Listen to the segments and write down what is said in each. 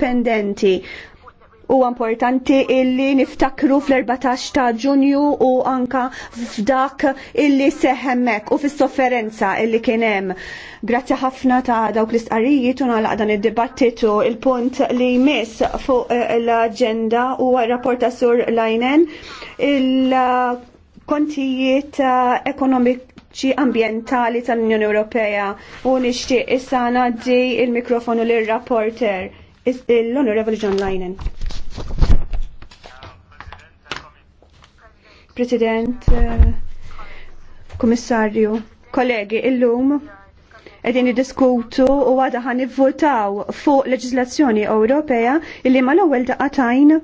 indipendenti. U importanti illi niftakru fl-14 ta' ġunju u anka f'dak illi seħemmek u fis-sofferenza illi kienem. Grazzi ħafna ta' dawk l-istqarijiet u nagħlaq dan id-dibattitu il-punt li jmiss fuq eh, l-aġenda u rapport ta' sur Lajnen il-kontijiet eh, ekonomik ċi ambientali tal-Unjoni Ewropea u nixtieq issa ngħaddi il-mikrofonu lir-rapporter. L-Onorevoli John Lainen. President, uh, Komissarju, kollegi, illum edin diskutu u għada ħan votaw fuq leġislazzjoni Ewropea illi mal-ewwel daqatajn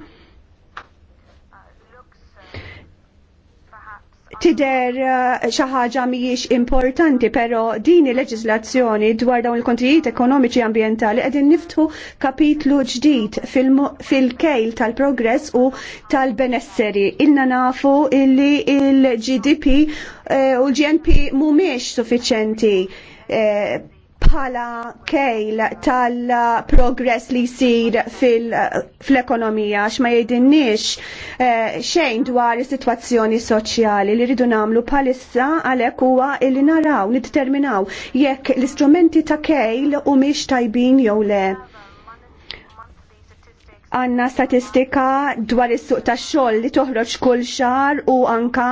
tider eh, xi ħaġa mhijiex importanti, però din il dwar dawn il-kontrijiet ekonomiċi ambjentali qegħdin niftħu kapitlu ġdid fil-kejl tal-progress u tal-benesseri. Ilna nafu illi il-GDP eh, u l-GNP mhumiex suffiċenti eh, bħala kejl tal-progress li jsir fil-ekonomija għax x'ma jgħidinniex eh, xejn dwar is-sitwazzjoni soċjali li rridu nagħmlu bħalissa għalhekk huwa li naraw, niddeterminaw jekk l-istrumenti ta' kejl u miex tajbin jew le għanna statistika dwar is-suq tax-xogħol li toħroġ kull xar u anka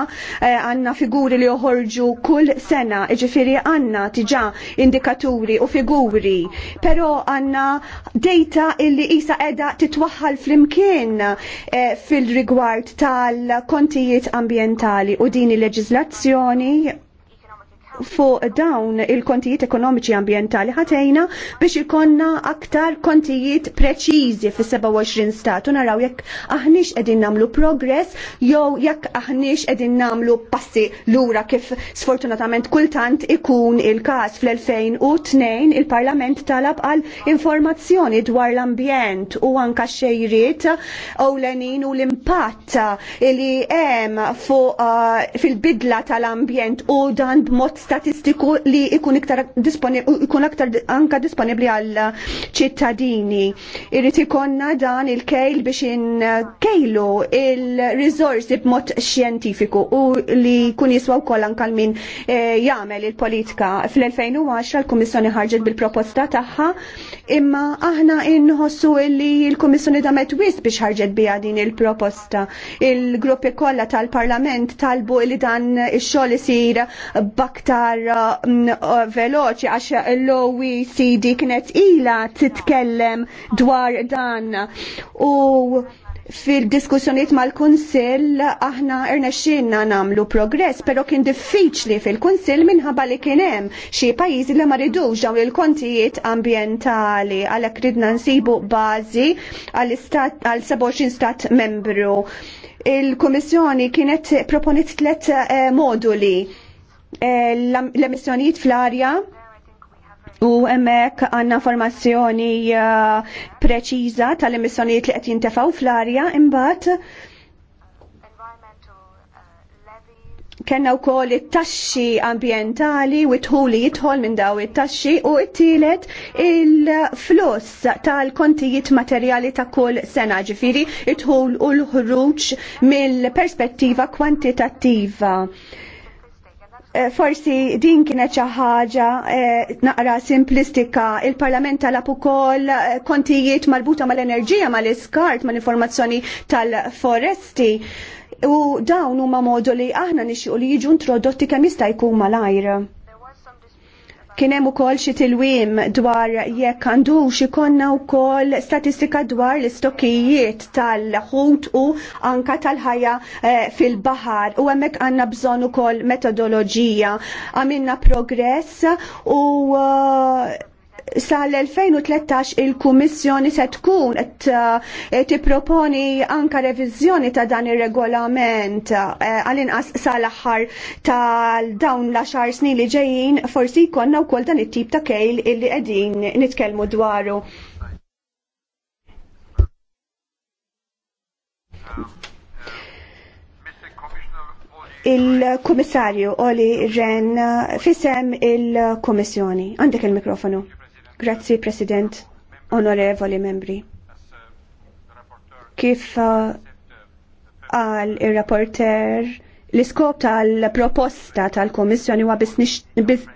eh, għanna figuri li joħorġu kull sena, jiġifieri għanna tiġà indikaturi u figuri, però għanna data illi qisha qiegħda titwaħħal flimkien eh, fil-rigward tal-kontijiet ambjentali u din il-leġiżlazzjoni fuq dawn il-kontijiet ekonomiċi ambientali ħatejna biex ikonna aktar kontijiet preċiżi fis-27 statu naraw jekk aħniex qegħdin nagħmlu progress jew jekk aħniex qegħdin nagħmlu passi lura kif sfortunatament kultant ikun il-każ fl-2002 il-Parlament talab għal informazzjoni dwar l-ambjent u anka xejriet ewlenin u l-impatt li hemm fuq uh, fil-bidla tal-ambjent u dan b'mod statistiku li ikun iktar ikun aktar anka disponibli għal ċittadini. Irrid ikonna dan il-kejl biex inkejlu il resorsi b'mod xjentifiku u li kun jiswa wkoll anka min e, jagħmel il-politika. Fl-2010 l-Kummissjoni ħarġet bil-proposta tagħha imma aħna inħossu li l-Kummissjoni damet wis biex ħarġet biha din il-proposta. Il-gruppi kollha tal-Parlament talbu li dan ix-xogħol isir baktar iktar mm, uh, veloċi għax l-OECD kienet ila titkellem dwar dan u fil-diskussjoniet mal-Kunsill aħna irnexxinna namlu progress, però kien diffiċli fil-Kunsill minħabba li kien hemm xi pajjiżi li ma ridux dawn il-kontijiet ambjentali għalhekk ridna nsibu bażi għal 27 stat membru. Il-Kummissjoni kienet proponit tliet eh, moduli Eh, l-emissjonijiet fl-arja u emmek għanna formazzjoni eh, preċiża tal-emissjonijiet li qed jintefgħu fl-arja imbagħad kenna u koll it-taxxi ambientali u tħuli jitħol minn daw it-taxxi u it-tielet il-flus tal-kontijiet materjali ta' kull sena ġifiri it u l-ħruġ mill-perspettiva kwantitattiva. Eh, forsi din kienet xi ħaġa eh, naqra simplistika. Il-Parlament talab ukoll eh, kontijiet marbuta mal-enerġija, mal-iskart, mal-informazzjoni tal-foresti. U dawn huma moduli aħna nixtiequ li jiġu introdotti kemm jista' jkun malajr. Kien hemm ukoll xi tilwim dwar jekk għandux ikonna wkoll statistika dwar l istokijiet tal-ħut u anka tal-ħajja eh, fil-baħar u hemmhekk għandna bżonn ukoll metodoloġija. Għamilna progress u uh, sal-2013 il-Kummissjoni se tkun qed eh, tipproponi anka reviżjoni ta' dan ir-regolament eh, għal-inqas sal-aħħar tal-dawn l-10 snin li ġejjin forsi jkollna wkoll dan it-tip ta' kejl illi qegħdin nitkellmu dwaru. Il-Kummissarju Oli Ren fisem il-Kummissjoni. Għandek il-mikrofonu. Grazzi, President, onorevoli membri. Kif uh, għal il-rapporter l-iskop tal-proposta tal-Komissjoni huwa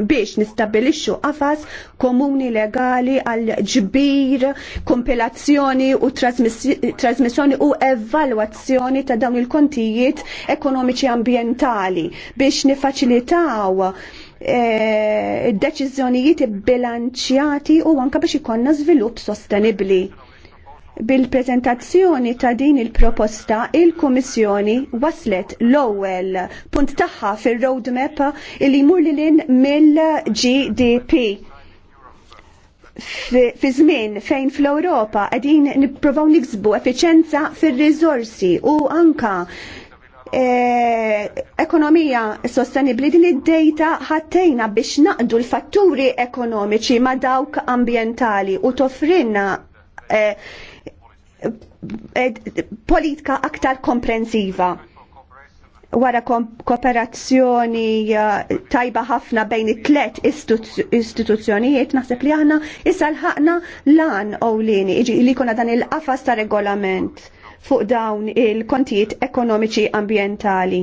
biex nistabilixxu qafas komuni legali għal ġbir, kompilazzjoni u trasmissjoni u evalwazzjoni ta' dawn il-kontijiet ekonomiċi ambientali biex nifaċilitaw Eh, deċiżjonijiet bilanċjati u anka biex ikonna żvilupp sostenibbli. Bil-prezentazzjoni ta' din il-proposta, il-Komissjoni waslet l-ewwel punt tagħha fir-roadmap li jmur lil mill-GDP fi żmien fejn fl-Ewropa qegħdin nippruvaw niksbu efficienza fir-riżorsi u anka Eh, ekonomija sostenibli din id-dejta ħattejna biex naqdu l-fatturi ekonomiċi ma dawk ambientali u tofrinna eh, eh, politika aktar komprensiva wara kooperazzjoni tajba ħafna bejn it-tlet istituzzjonijiet naħseb li aħna issa l-ħakna lan owlieni li kuna dan il-qafas ta' regolament fuq dawn il-kontijiet ekonomiċi ambientali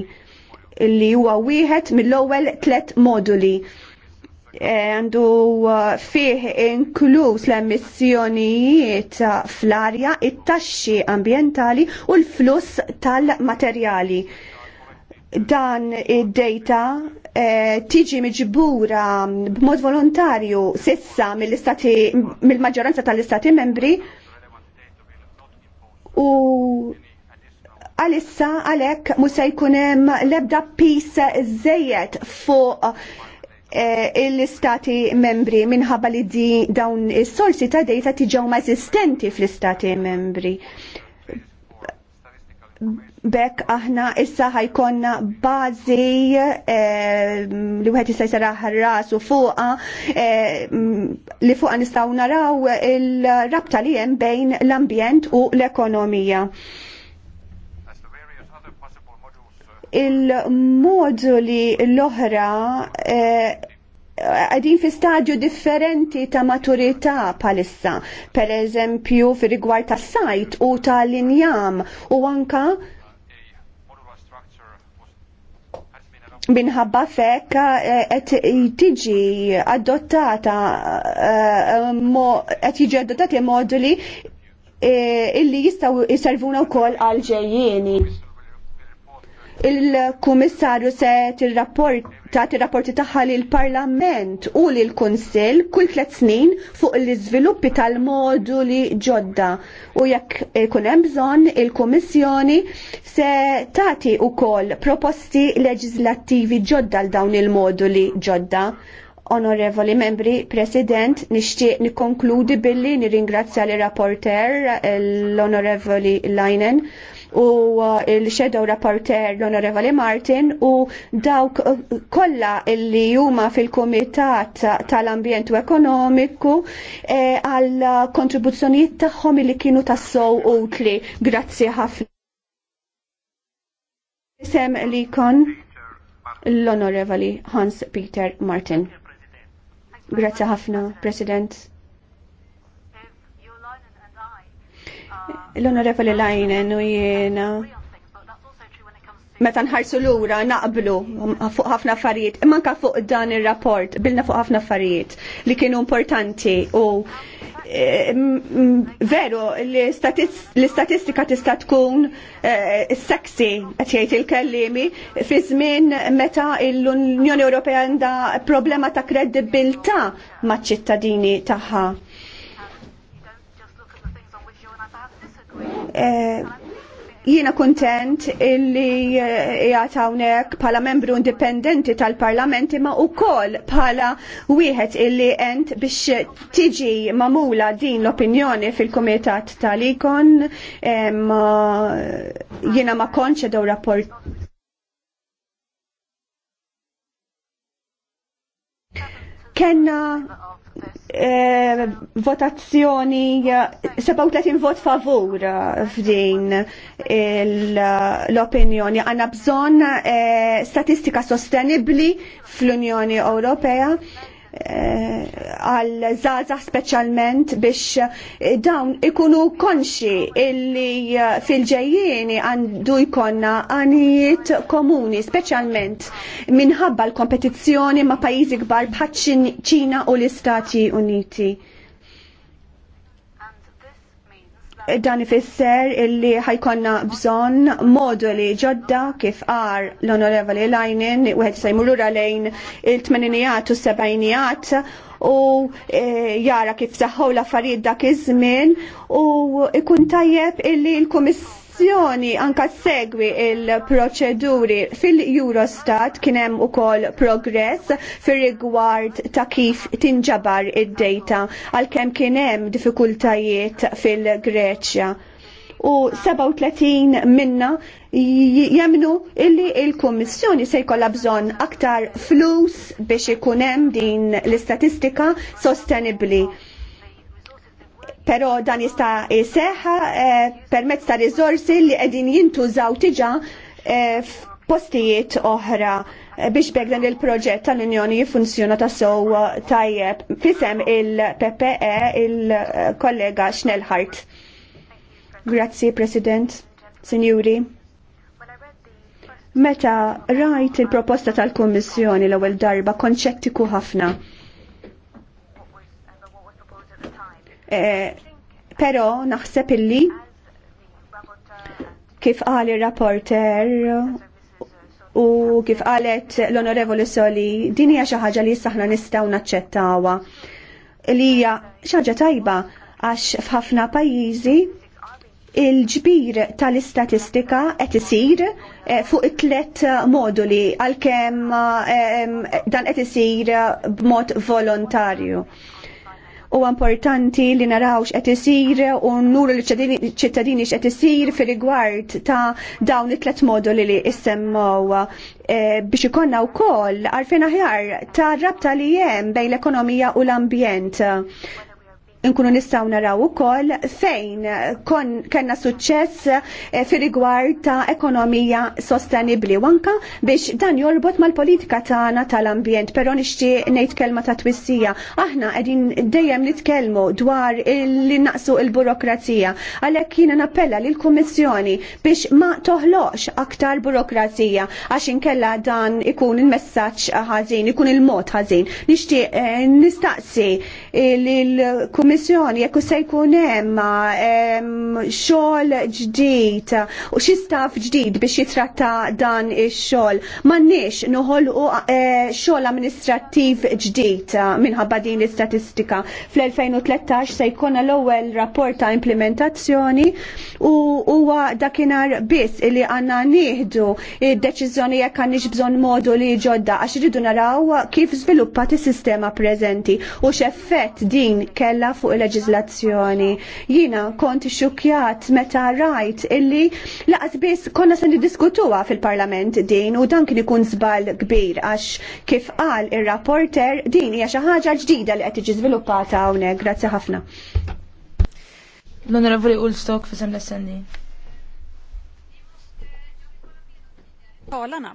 li huwa wieħed mill-ewwel tliet moduli e, għandu uh, fih inkluż l-emissjonijiet fl-arja, it-taxxi ambientali u l-fluss tal-materjali. Dan id-data e, tiġi miġbura b'mod volontarju sissa mill-maġġoranza mill tal-istati membri u għalissa għalek musa jkunem lebda pisa zzejet fuq eh, l-istati membri minħabba li di dawn is-sorsi ta' dejta tiġew mażistenti fl-istati membri Bekk aħna issa ħajkonna bażi eh, li wieħed jista' jsaraħ rasu fuqha eh, li fuqha nistgħu naraw il-rabta li hemm bejn l-ambjent u l-ekonomija. Il-moduli l-oħra eh, għadin fi stadju differenti ta' maturità palissa, per eżempju fi rigward ta' sajt u ta' linjam u anka minħabba fekk qed eh, tiġi adottata qed eh, jiġi adottati moduli eh, illi jistgħu jservuna wkoll għal ġejjieni il-Kummissarju se tirrapporta tirrapporti tagħha l parlament u l kunsill kull tliet snin fuq l-iżviluppi tal-moduli ġodda u jekk ikun hemm bżonn il-Kummissjoni se tagħti wkoll proposti leġislattivi ġodda għal dawn il-moduli ġodda. Onorevoli membri, President, nixtieq nikkonkludi billi nirringrazzja l rapporter l-Onorevoli Leinen u il-Shadow Rapporter l-Onorevoli Martin u dawk uh, kollha illi huma fil-Kumitat tal-Ambjent u Ekonomiku eh, għal kontribuzzjonijiet tagħhom illi kienu tassew utli. Grazzi ħafna. Sem li kon l-Onorevoli Hans Peter Martin. Grazie ħafna, President. L-onorevoli Lajnen u jiena. Meta nħarsu lura naqblu fuq ħafna affarijiet, imma anke fuq dan ir-rapport bilna fuq ħafna affarijiet li kienu importanti u e, veru l-istatistika tista' tkun e, sexy qed jgħid il-kellimi fi żmien meta l-Unjoni Ewropea għandha problema ta' kredibilta maċ-ċittadini tagħha. Eh, jiena kontent illi eh, jgħatawnek hawnhekk bħala membru indipendenti tal-Parlament imma wkoll bħala wieħed illi ent biex tiġi mamula din l-opinjoni fil-Kumitat tal-Ikon eh, jiena ma konċe daw rapport kenna eh, votazzjoni 37 vot favur f'din l-opinjoni. Għanna bżon eh, statistika sostenibli fl-Unjoni Ewropea Eh, għal zaza specialment biex eh, dawn ikunu konxi illi eh, fil-ġejjieni għandu jkonna għanijiet komuni specialment minħabba l-kompetizzjoni ma' pajizi kbar bħat ċina u l-Istati Uniti. dan ifisser illi ħajkonna bżon moduli ġodda kif għar l-onorevoli Lajnin, u għed jmurura lejn il-80 u 70 e, u jara kif saħħu l-affarijiet dak iż-żmien u ikun tajjeb illi l komissar l-Kummissjoni anka segwi il-proċeduri fil-Eurostat kien hemm ukoll progress fir-rigward ta' kif tinġabar id-data għalkemm kien hemm difikultajiet fil-Greċja u 37 minna jemnu illi il-Kommissjoni se jkollha bżonn aktar flus biex ikun hemm din l-istatistika sostenibbli. Pero dan jista' jseħħa eh, permezz ta' riżorsi li qegħdin jintużaw tiġa eh, f'postijiet oħra eh, biex bek dan il-proġett tal-Unjoni jifunzjona ta' sow tajjeb. Fisem il-PPE il-kollega Schnellhart. Grazzi, President, Signori. Meta rajt il-proposta tal-Kommissjoni l-ewwel darba konċettiku ħafna Eh, Pero naħseb illi kif qal ir-rapporter u kif qalet l-Onorevoli Soli din hija xi ħaġa li saħna nistgħu naċċettawha. Li hija xi ħaġa tajba għax f'ħafna pajjiżi il-ġbir tal-istatistika qed isir eh, fuq it-tlet moduli għalkemm eh, dan qed isir b'mod volontarju u importanti li narawx qed isir u nuru li ċittadini x'qed isir fir-rigward ta' dawn it-tlet moduli li issemmew e, biex ikonna wkoll għalfejn aħjar ta' rabta li hemm bejn l-ekonomija u l-ambjent. Nkunu nistgħu naraw ukoll fejn kon kellna suċċess eh, fi rigward ta' ekonomija sostenibbli wanka biex dan jorbot mal-politika tagħna tal-ambjent, però nixtieq ngħid kelma ta' twissija. Aħna qegħdin dejjem nitkellmu dwar li naqsu l-burokrazija. Għalhekk jiena nappella lill kummissjoni biex ma toħloqx aktar burokrazija għax inkella dan ikun il-messaġġ ħażin, ikun il-mod ħażin. Nixtieq eh, nistaqsi il-Kummissjoni jekk se jkun hemm xogħol ġdid u xi staff ġdid biex jitratta dan ix-xogħol. M'għandniex noħolqu eh, xogħol amministrattiv ġdid minħabba din l-istatistika. Fl-2013 se jkun l-ewwel rapport ta' implementazzjoni u huwa dakinhar biss li għandna nieħdu id-deċiżjoni jekk għandniex bżonn modu li ġodda għax iridu naraw kif żviluppat is-sistema preżenti u x'effett effett din kella fuq il-leġizlazzjoni. Jina kont xukjat meta rajt illi laqas biss konna se niddiskutuha fil-Parlament din u dan kien ikun żball kbir għax kif qal ir-rapporter din hija xi ħaġa ġdida li qed tiġi żviluppata hawnhekk. Grazzi ħafna. L-Onorevoli Ulstok fisem l-SND. Talarna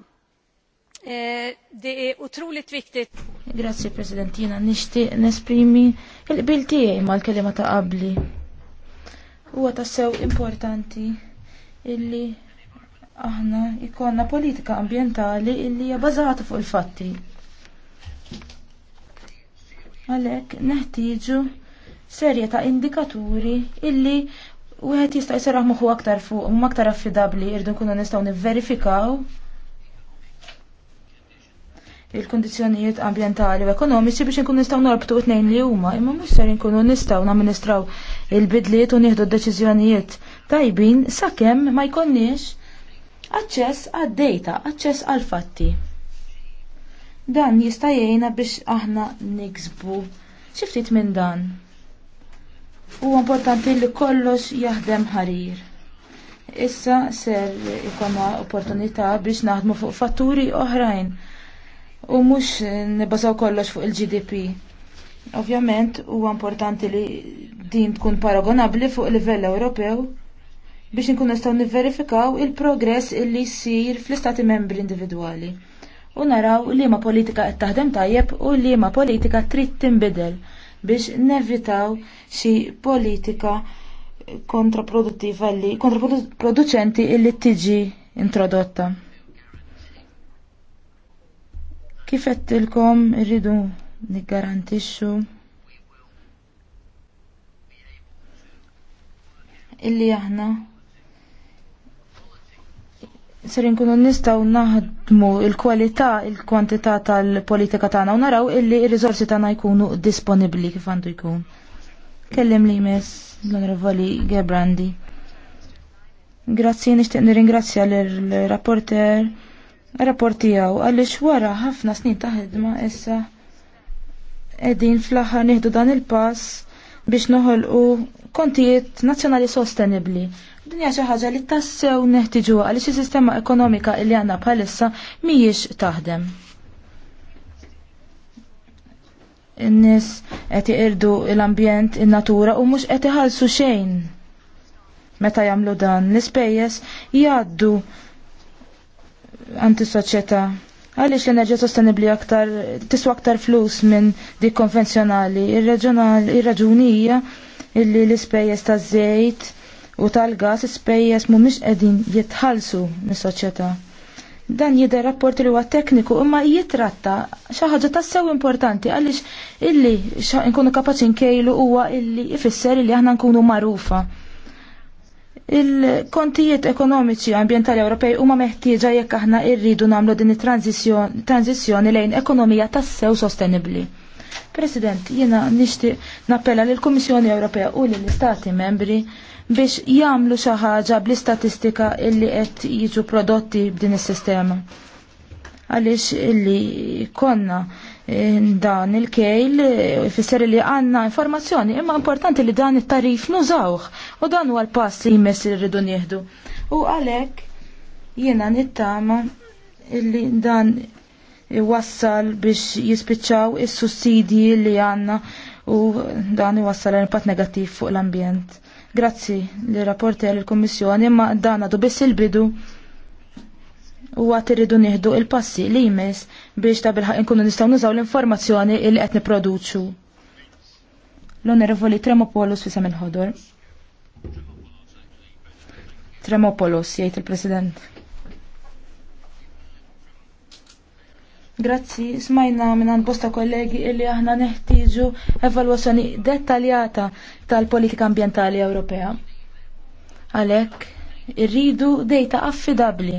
Eh, det utruli otroligt Grazie Presidentina, nishti nesprimi il-qbil tiegħi mal-kelima ta' qabli. Huwa tassew importanti illi aħna ikonna politika ambientali illi hija bażata fuq il-fatti. Għalhekk neħtiġu serje ta' indikaturi illi wieħed jista' jserraħ moħħu aktar fuq, aktar affidabbli irdu nkunu nistgħu nivverifikaw il-kondizjonijiet ambientali u ekonomiċi biex nkun nistgħu norbtu tnejn li huma, imma mhux ser nkunu nistgħu namministraw il-bidliet u nieħdu d-deċiżjonijiet tajbin sakemm ma jkollniex aċċess għad-dejta, aċċess għal-fatti. Dan jista' jgħinna biex aħna niksbu xi ftit minn dan. Huwa importanti li kollox jaħdem ħarir. Issa ser ikoma opportunità biex naħdmu fuq fatturi oħrajn u mhux nibbazaw kollox fuq il-GDP. Ovvjament huwa importanti li din tkun paragonabbli fuq livell Ewropew biex nkun nistgħu nivverifikaw il-progress illi jsir fl-istati membri individwali u naraw li ma politika qed taħdem tajjeb u li ma politika trid tinbidel biex nevitaw xi politika kontraproduttiva li kontraproducenti illi tiġi introdotta. Kif għettilkom irridu niggarantixxu illi aħna ser nkunu nistgħu naħdmu l kwalità il-kwantità tal-politika tagħna u naraw illi r-riżorsi tagħna jkunu disponibbli kif għandu jkun. Kellim li jmiss l-Onorevoli Gebrandi. Grazzi, nixtieq nirringrazzja l-rapporter rapportijaw għalix għaliex wara ħafna snin ta' ħidma issa qegħdin fl-aħħar nieħdu dan il-pass biex noħolqu kontijiet nazzjonali sostenibbli. Dinja xi ħaġa li tassew neħtiġu għaliex is-sistema ekonomika li għandna bħalissa mhijiex taħdem. In-nies qed iqirdu l-ambjent, in-natura u mhux qed iħallsu xejn. Meta jagħmlu dan l-ispejjeż jgħaddu antisoċjetà. Għaliex l-enerġija sostenibbli aktar tiswa aktar flus minn dik konvenzjonali. ir raġunija illi l-ispejjeż taż-żejt u tal-gas ispejjeż mhumiex qegħdin jitħallsu mis-soċjetà. Dan jidher rapport li huwa tekniku imma jitratta xi ħaġa tassew importanti għaliex illi nkunu kapaċi nkejlu huwa illi ifisser illi aħna nkunu magħrufa Il-kontijiet ekonomiċi ambientali Ewropej huma meħtieġa jekk aħna rridu nagħmlu din it-tranzizzjoni lejn ekonomija tassew sostenibbli. President, jiena nixtieq nappella lill kummissjoni Ewropea u lill istati membri biex jagħmlu xi ħaġa bl-istatistika illi qed jiġu prodotti b'din is-sistema. Għaliex illi konna Eh, dan il-kejl eh, fisser li għanna informazzjoni imma importanti li dan it-tarif nużawh u dan huwa l-pass li jmess li rridu nieħdu. U għalhekk jiena nittama li dan wassal biex jispiċċaw is-sussidji li għanna u dan iwassal impatt negativ fuq l-ambjent. Grazzi li rapporter il-Kommissjoni imma dan għadu biss il-bidu u għat irridu nieħdu il-passi li jmiss biex ta' bilħaq inkunu nistgħu nużaw l-informazzjoni li qed niproduċu. L-Onorevoli Tremopolos fisem il-ħodor. Tremopolos, jgħid il-President. Grazzi, smajna minn bosta kollegi illi aħna neħtieġu evalwazzjoni dettaljata tal-politika ambientali Ewropea. Għalhekk, irridu dejta affidabbli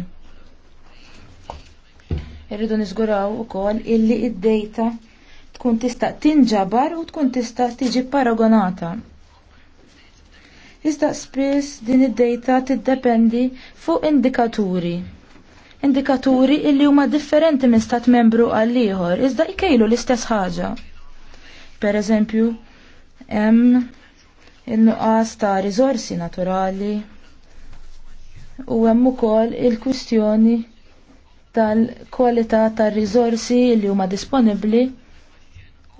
Irridu niżguraw ukoll illi id-dejta tkun tista' tinġabar u tkun tista' tiġi paragonata. Iżda spiss din id-dejta tiddependi fuq indikaturi. Indikaturi illi huma differenti minn stat membru għal ieħor iżda jkejlu l-istess ħaġa. Per eżempju, hemm in-nuqqas ta' rizorsi naturali u hemm ukoll il-kwistjoni tal-kwalità tar-riżorsi li huma disponibbli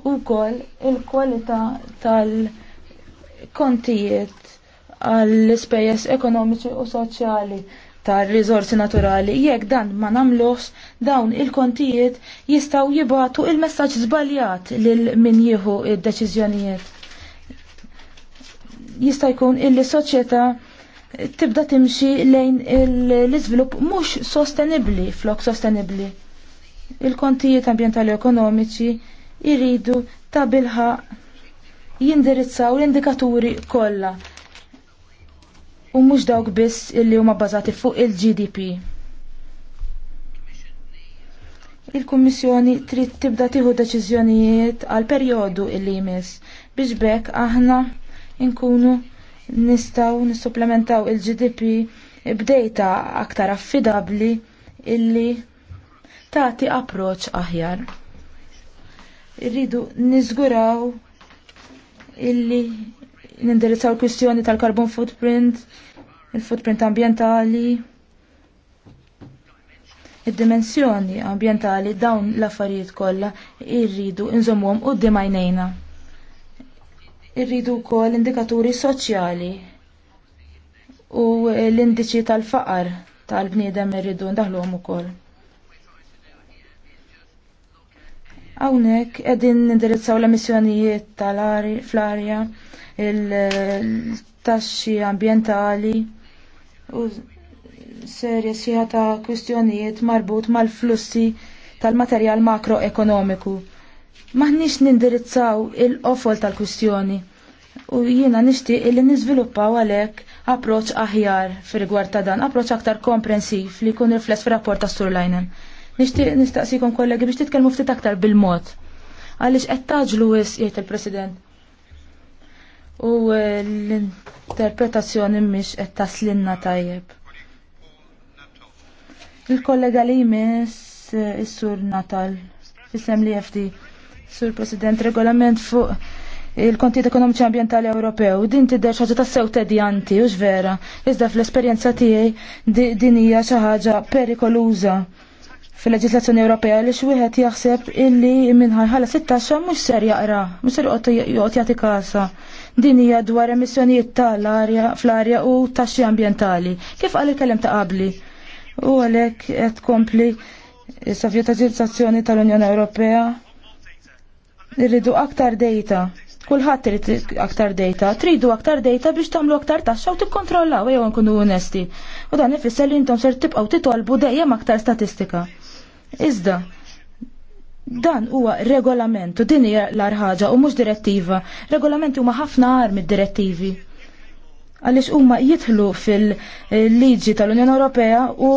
u wkoll il-kwalità tal-kontijiet għall-ispejjeż ekonomiċi u soċjali tar rizorsi naturali. Jekk dan ma nagħmluhx, dawn il-kontijiet jistgħu jibgħatu il-messaġġ żbaljat lil min jieħu id-deċiżjonijiet. Jista' jkun il soċjetà tibda timxi lejn l-iżvilupp mhux sostenibbli flok sostenibbli. Il-kontijiet ambjentali ekonomiċi jiridu ta' bilħa jindirizzaw l-indikaturi kollha u mhux dawk biss illi huma bbażati fuq il-GDP. Il-Kummissjoni trid tibda tieħu deċiżjonijiet għal perjodu illi jmiss biex bekk aħna nkunu nistaw nissupplementaw il-GDP b'dejta aktar affidabli illi tati approċ aħjar. Irridu nizguraw illi nindirizzaw kwistjoni tal-carbon footprint, il-footprint ambientali, id-dimensjoni ambientali dawn l-affarijiet kollha irridu nżommhom quddiem dimajnejna. Irridu wkoll indikaturi soċjali u l-indiċi tal-faqar tal-bniedem irridu ndaħluhom ukoll. Hawnhekk qegħdin nindirizzaw l-emissjonijiet tal-ari fl-arja, il-taxxi ambjentali u serje sieħa ta' kwistjonijiet marbut mal-flussi tal-materjal makroekonomiku. Maħniex nindirizzaw il-qofol tal-kwistjoni u jiena nixtieq li niżviluppaw għalhekk approċċ aħjar fil-gwar ta' dan, approċċ aktar komprensiv li jkun rifless fir-rapport ta' Sturlajnen. Nixtieq nistaqsikom kollegi biex titkellmu ftit aktar bil-mod. Għaliex qed taġlu wis il-President u eh, l-interpretazzjoni mhix qed taslinna tajjeb. Il-kollega li jmiss eh, is-sur Natal, is-sem li FD. Sur President, regolament fuq il-kontijiet ekonomiċi ambientali Ewropew. Din tidher xi ħaġa tassew tedjanti u vera. Iżda fl-esperjenza tiegħi din hija xi ħaġa perikoluża fil-leġislazzjoni Ewropea li wieħed jaħseb illi minħaj ħala 16 mhux ser jaqra, mhux ser joqgħod jagħti kasa. Din hija dwar emissjonijiet tal-arja fl-arja u taxxi ambjentali. Kif qal il kellem ta' qabli? U għalhekk qed tkompli is-sovjetizzazzjoni tal-Unjoni Ewropea Irridu aktar data. Kulħadd irid aktar data. Tridu aktar data biex tagħmlu aktar taxxa u tikkontrollaw jew nkunu onesti. U dan ifisser li intom ser tibqgħu titolbu dejjem aktar statistika. Iżda, dan huwa regolament u din hija l-arħaġa u mhux direttiva. Regolamenti huma ħafna armi mid-direttivi għaliex huma jidħlu fil-liġi tal-Unjoni Ewropea u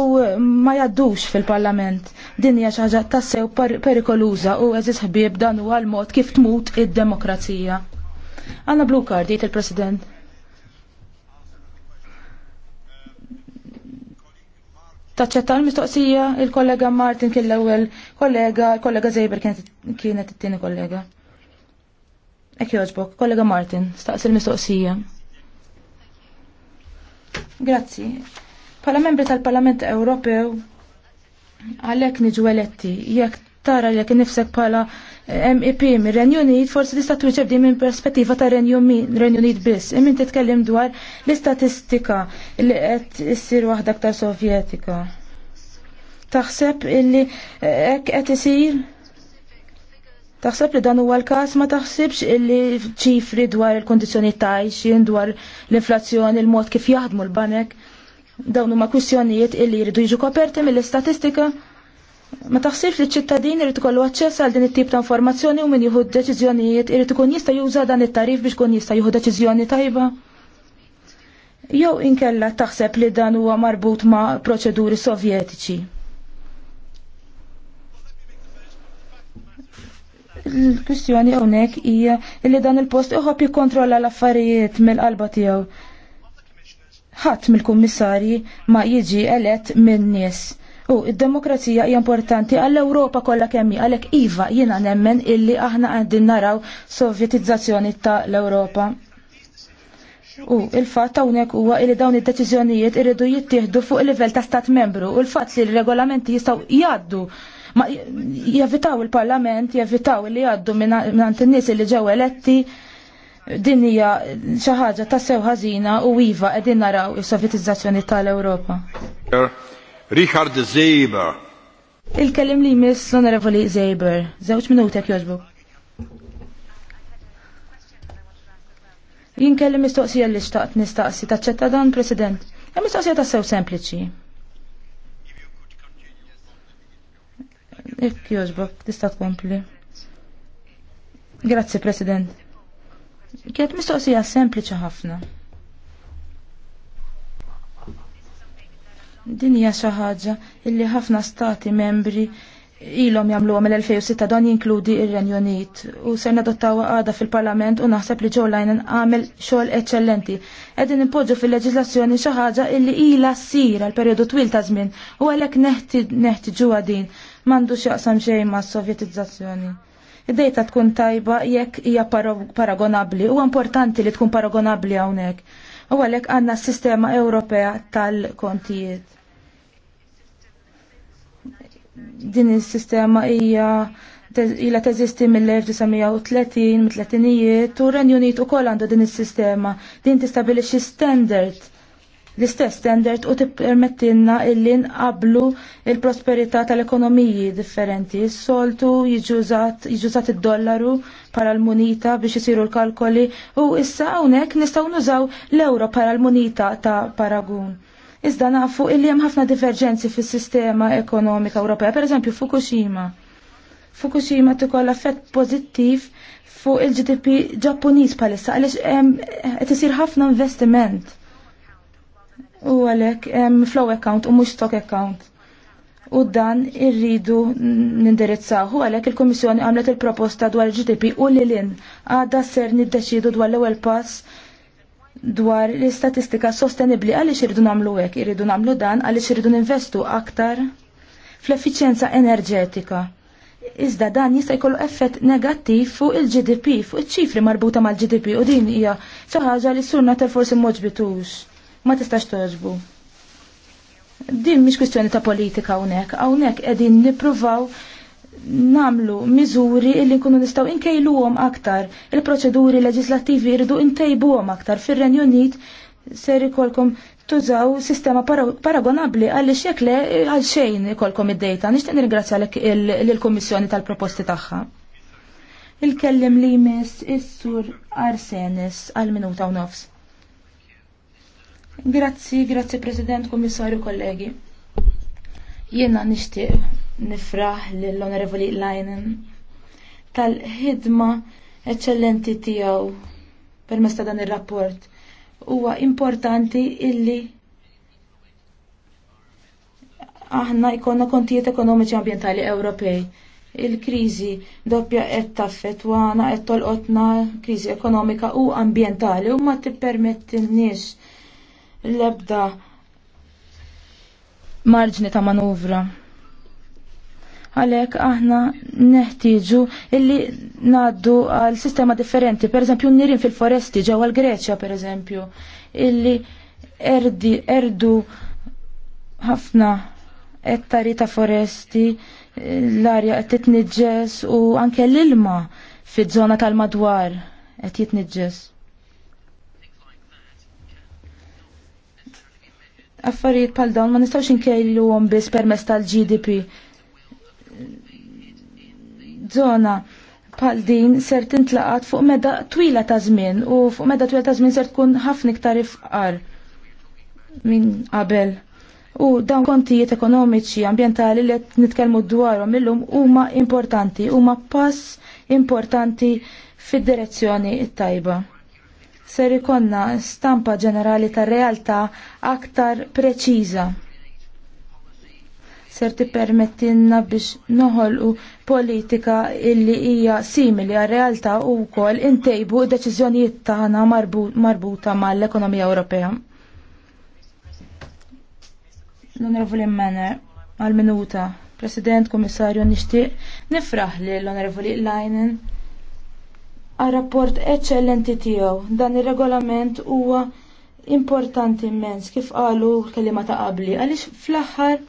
ma jaddux fil-Parlament. Din hija xi ħaġa tassew perikoluża u eżis ħbieb dan huwa għal mod kif tmut id-demokrazija. Għanna blue card, jgħid il-President. Taċċetta l-mistoqsija il-kollega Martin kien l-ewwel kollega, kollega Zejber kienet it-tieni kollega. Ekk joġbok, kollega Martin, staqsi l-mistoqsija. Grazzi. Pala membri tal-Parlament Ewropew, għalek niġu eletti, jekk tara jekk nifsek pala eh, MEP minn renju Unit, forsi tista' twieġeb din minn perspettiva ta' renju Unit biss. Imin titkellem dwar l-istatistika li qed issir waħda aktar sovjetika. Taħseb illi eh, hekk qed isir? Taħseb li dan huwa l-każ ma taħsibx illi ċifri dwar il-kondizzjoni tajxin dwar l-inflazzjoni, il-mod kif jaħdmu l-banek. Dawn huma kwistjonijiet illi jridu jiġu koperti mill-istatistika. Ma taħsibx li ċ-ċittadin irid ikollu aċċess għal din it-tip ta' informazzjoni u min jieħu deċiżjonijiet irid ikun jista' juża dan it-tarif biex kun jista' jieħu deċiżjoni tajba. Jew inkella taħseb li dan huwa marbut ma' proċeduri sovjetiċi. il-kwistjoni hawnhekk hija li dan il-post iħob jikkontrolla l-affarijiet mill-qalba tiegħu. Ħadd mill-kummissarji ma jiġi elett minn nies. U id-demokrazija hija importanti għall-Ewropa kollha kemm għalhekk iva jiena nemmen illi aħna qegħdin naraw sovjetizzazzjoni ta' l-Ewropa. U il-fatt hawnhekk huwa li dawn id-deċiżjonijiet irridu jittieħdu fuq il-livell ta' stat membru u l-fatt li l-regolamenti jistgħu jgħaddu ma jevitaw il-parlament, jevitaw li għaddu minnant in-nies li ġew eletti din hija xi ħaġa ta' sew ħażina u iva qegħdin naraw is-sovjetizzazzjoni tal-Ewropa. Richard Zeber. Il-kellim li jmiss l-Onorevoli Zeber. Żewġ minutek jogħġbu. Jien kelli mistoqsija li xtaqt nistaqsi taċċetta dan, President. Hemm mistoqsija ta' sew sempliċi. Ekk joġbok, tista' tkompli. Grazzi, President. Kiet mistoqsija sempliċi ħafna. Din hija xi ħaġa illi ħafna stati membri ilhom jagħmluha mill-2006 dan jinkludi ir-Renju Unit u ser nadottaw għada fil-Parlament u naħseb li Joe Linen għamel xogħol eċċellenti. Qegħdin impoġġu fil-leġiżlazzjoni xi ħaġa illi ilha ssir għal perjodu twil ta' żmien u għalhekk neħtiġuha din mandu xaqsam xejn ma' sovjetizzazzjoni. Id-dejta tkun tajba jekk hija paragonabli. U importanti li tkun paragonabli hawnhekk. U għalhekk għandna s-sistema Ewropea tal-kontijiet. Din is-sistema hija ila teżisti mill-1930 mit-tletinijiet u Renju Unit ukoll għandu din is-sistema. Din tistabilixxi standard l-istess standard u tippermettilna illi nqablu il-prosperità tal-ekonomiji differenti. Soltu jiġużat id-dollaru para l-munita biex isiru l-kalkoli u issa hawnhekk nistgħu nużaw l-euro para l-munita ta' paragun. Iżda nafu illi hemm ħafna diverġenzi fis-sistema ekonomika Ewropea, pereżempju Fukushima. Fukushima tikolla effett pożittiv fuq il-GDP Ġappuniż palissa għaliex qed isir ħafna investiment u għalek flow account u mux stock account. U dan irridu nindirizzaw u għalek il-Komissjoni għamlet il-proposta dwar GDP u l-lin għada ser niddeċidu dwar l-ewel pass dwar l-istatistika sostenibli għalix irridu namlu għek, irridu namlu dan għalix irridu ninvestu aktar fl-efficienza enerġetika. Iżda dan jista' jkollu effett negattiv fuq il-GDP, fuq iċ-ċifri marbuta mal-GDP u din hija xi ħaġa li surna tal forsi moġbitux ma tistax toġbu. Din mhix kwistjoni ta' politika hawnhekk, hawnhekk qegħdin nippruvaw namlu miżuri li nkunu nistgħu inkejluhom aktar, il-proċeduri leġislattivi jridu ntejbuhom aktar fir-Renju Unit ser ikolkom tużaw sistema paragonabli għalli xekle għal xejn kolkom id-dejta. Nixtieq nirgrazzja l kummissjoni tal-proposti tagħha. Il-kellim li jmiss is-sur Arsenis għal minuta u nofs. Grazzi, grazzi President, Komissarju, kollegi. Jiena nixtieq nifraħ lill-Onorevoli Leinen tal-ħidma eċċellenti tiegħu per ta' dan ir-rapport. Huwa importanti illi aħna jkollna kontijiet ekonomiċi ambjentali Ewropej. Il-kriżi doppja qed taffetwana qed tolqotna kriżi ekonomika u ambjentali u ma nix l-ebda marġni ta' manuvra. Għalek aħna neħtieġu illi naddu għal sistema differenti, per eżempju nirin fil-foresti ġew għal greċja per eżempju, illi erdi, erdu ħafna ettari ta' foresti, l-arja qed titniġġes u anke l-ilma fiż-żona tal-madwar qed jitniġġes. Affarijiet pal dawn ma nistawx inkejluhom biss permess tal-GDP. Zona pal din ser tintlaqat fuq meda twila ta' żmien u fuq meda twila ta' żmien ser tkun ħafna iktar ifqar minn qabel. U dawn kontijiet ekonomiċi, ambientali li nitkellmu dwarhom illum huma importanti, huma pass importanti fid-direzzjoni tajba ser ikonna stampa ġenerali tar realtà aktar preċiża. Ser tippermettilna biex noħolqu politika illi hija simili għar realtà u wkoll intejbu deċiżjonijiet tagħna marbuta mal-ekonomija Ewropea. L-Onorevoli Manner, għal-minuta, President, Komissarju, nixtieq nifraħ li l-Onorevoli Leinen għal-rapport eċċellenti tiegħu dan ir-regolament huwa importanti immens kif qalu l-kelima ta' qabli għaliex fl-aħħar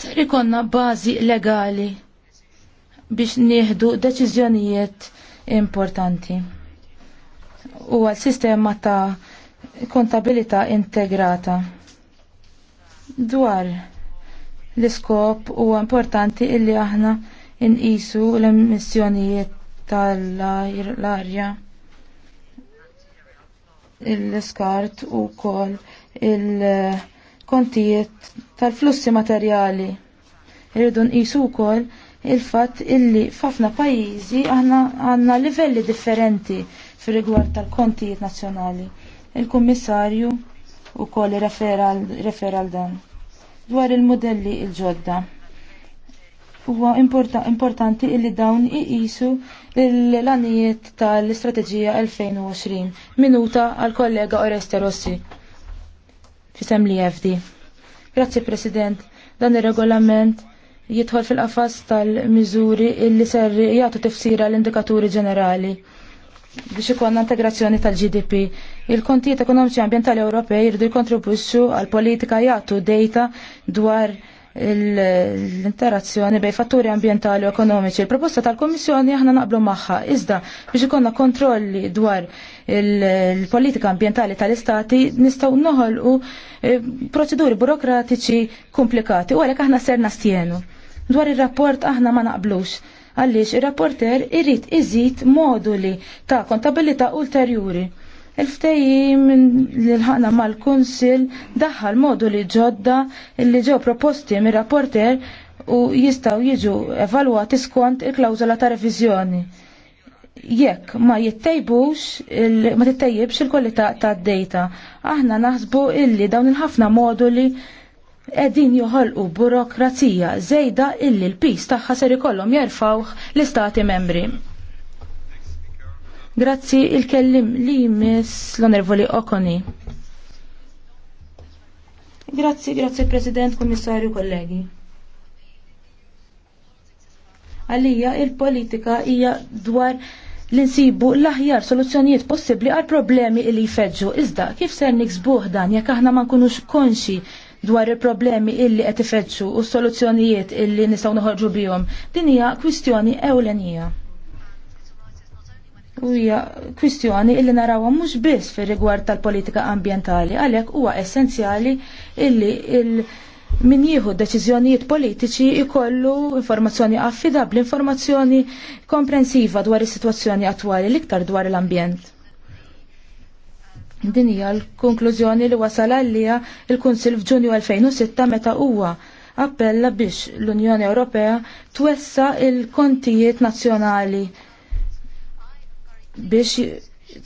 ser ikonna bażi legali biex nieħdu deċiżjonijiet importanti. U għal sistema ta' kontabilità integrata dwar l-iskop huwa importanti illi aħna inqisu l-emissjonijiet tal-arja l-iskart u kol il-kontijiet tal-flussi materjali. Irridu nqisu wkoll il-fatt illi fafna pajjiżi għandna livelli differenti fir-rigward tal-kontijiet nazzjonali. Il-Kummissarju u kol refera għal dan. Dwar il-modelli il-ġodda huwa importanti illi dawn iqisu l-anijiet tal-Istrateġija 2020. Minuta għal kollega Oreste Rossi. Fisem li FD. Grazzi President, dan ir-regolament jidħol fil-qafas tal-miżuri illi serri jagħtu tifsira l-indikaturi ġenerali biex ikonna integrazzjoni tal-GDP. Il-kontijiet ekonomiċi ambjentali Ewropej jirdu jkontribwixxu għal politika jagħtu data dwar l-interazzjoni bej fatturi ambientali u ekonomiċi. Il-proposta tal-Komissjoni aħna naqblu magħha iżda biex ikonna kontrolli dwar il-politika ambientali tal-istati nistgħu noħolqu eh, proċeduri burokratiċi komplikati u għalhekk aħna ser stjenu. Dwar ir-rapport aħna ma naqblux għaliex ir-rapporter irrit iżid moduli ta' kontabilità ulterjuri Il-ftejim li l-ħana mal-Kunsil daħħal modu li ġodda li ġew proposti mir rapporter u jistaw jiġu evalwati skont il-klawzola ta' revizjoni. Jekk ma jittejbux, ma tittejjibx il-kwalità ta' data aħna naħsbu illi dawn il-ħafna moduli edin joħolqu burokrazija zejda illi l-pis tagħha ser ikollhom jerfawh l-istati membri. Grazzi il-kellim li jimmis l-onervoli Okoni. Grazzi, grazzi President, Kommissarju, kollegi. Għalija il-politika hija dwar l-insibu l-aħjar soluzzjonijiet possibli għal problemi li jfeġġu. Iżda, kif ser niksbuħ dan jekk aħna ma nkunux konxi dwar il-problemi illi qed ifeġġu u s soluzzjonijiet illi nistgħu noħorġu bihom. Din hija kwistjoni ewlenija. U hija kwistjoni illi narawha mhux biss fir-rigward tal-politika ambjentali, għalhekk huwa essenzjali illi il min jieħu deċiżjonijiet politiċi jkollu informazzjoni affidabli, informazzjoni komprensiva dwar is-sitwazzjoni attwali l-iktar dwar l-ambjent. Din hija l-konklużjoni li wasal għalija il-Kunsil f'Ġunju 2006 meta huwa appella biex l-Unjoni Ewropea twessa il-kontijiet nazzjonali biex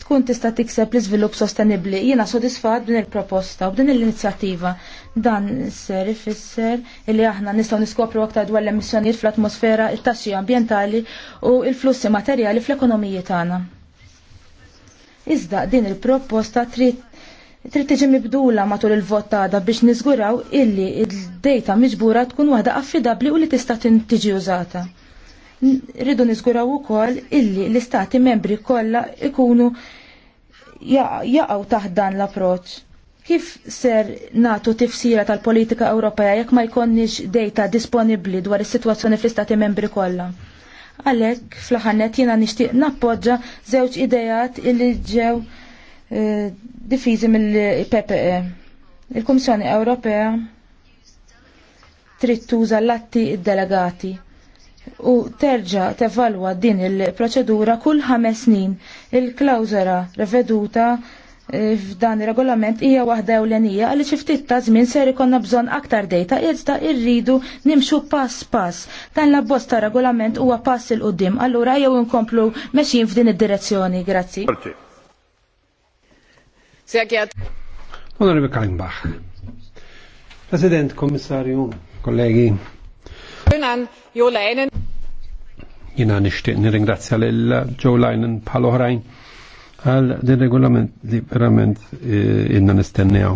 tkun tista' tikseb l-iżvilupp sostenibbli. Jiena sodisfat b'din il-proposta u b'din l-inizjattiva. Dan ser ifisser li aħna nistgħu niskopru aktar dwar l-emissjonijiet fl-atmosfera, it-taxxi ambjentali u l-flussi materjali fl-ekonomiji tagħna. Iżda din il-proposta trid trid tiġi mibdula matul il-vot tagħda biex niżguraw illi id-dejta miġbura tkun waħda affidabbli u li tista' tiġi użata rridu niżguraw ukoll illi l-istati membri kollha ikunu jaqgħu taħt dan l-approċċ. Kif ser natu tifsira tal-politika Ewropea jekk ma jkonniex data disponibbli dwar is-sitwazzjoni fl-istati membri kollha? Għalhekk fl ħannet jiena nixtieq nappoġġa żewġ idejat illi ġew eh, diffiżi mill-PPE. Il-Kummissjoni Ewropea trid tuża l-atti id-delegati u terġa tevalwa din il-proċedura kull ħames snin. Il-klawżola reveduta eh, f'dan ir-regolament hija waħda ewlenija għal ftit ta' żmien ser ikonna bżonn aktar dejta iżda rridu nimxu pass pass. Dan l-abbozz ta' regolament huwa pass il qudiem allura jew inkomplu mexjin f'din id-direzzjoni. Grazzi. Onorevole Kalimbach, President, Kommissarju, kollegi, Jina nishtiq nirringrazzja l-Joe Linen pal oħrajn għal din regolament li verament eh, inna nistennew.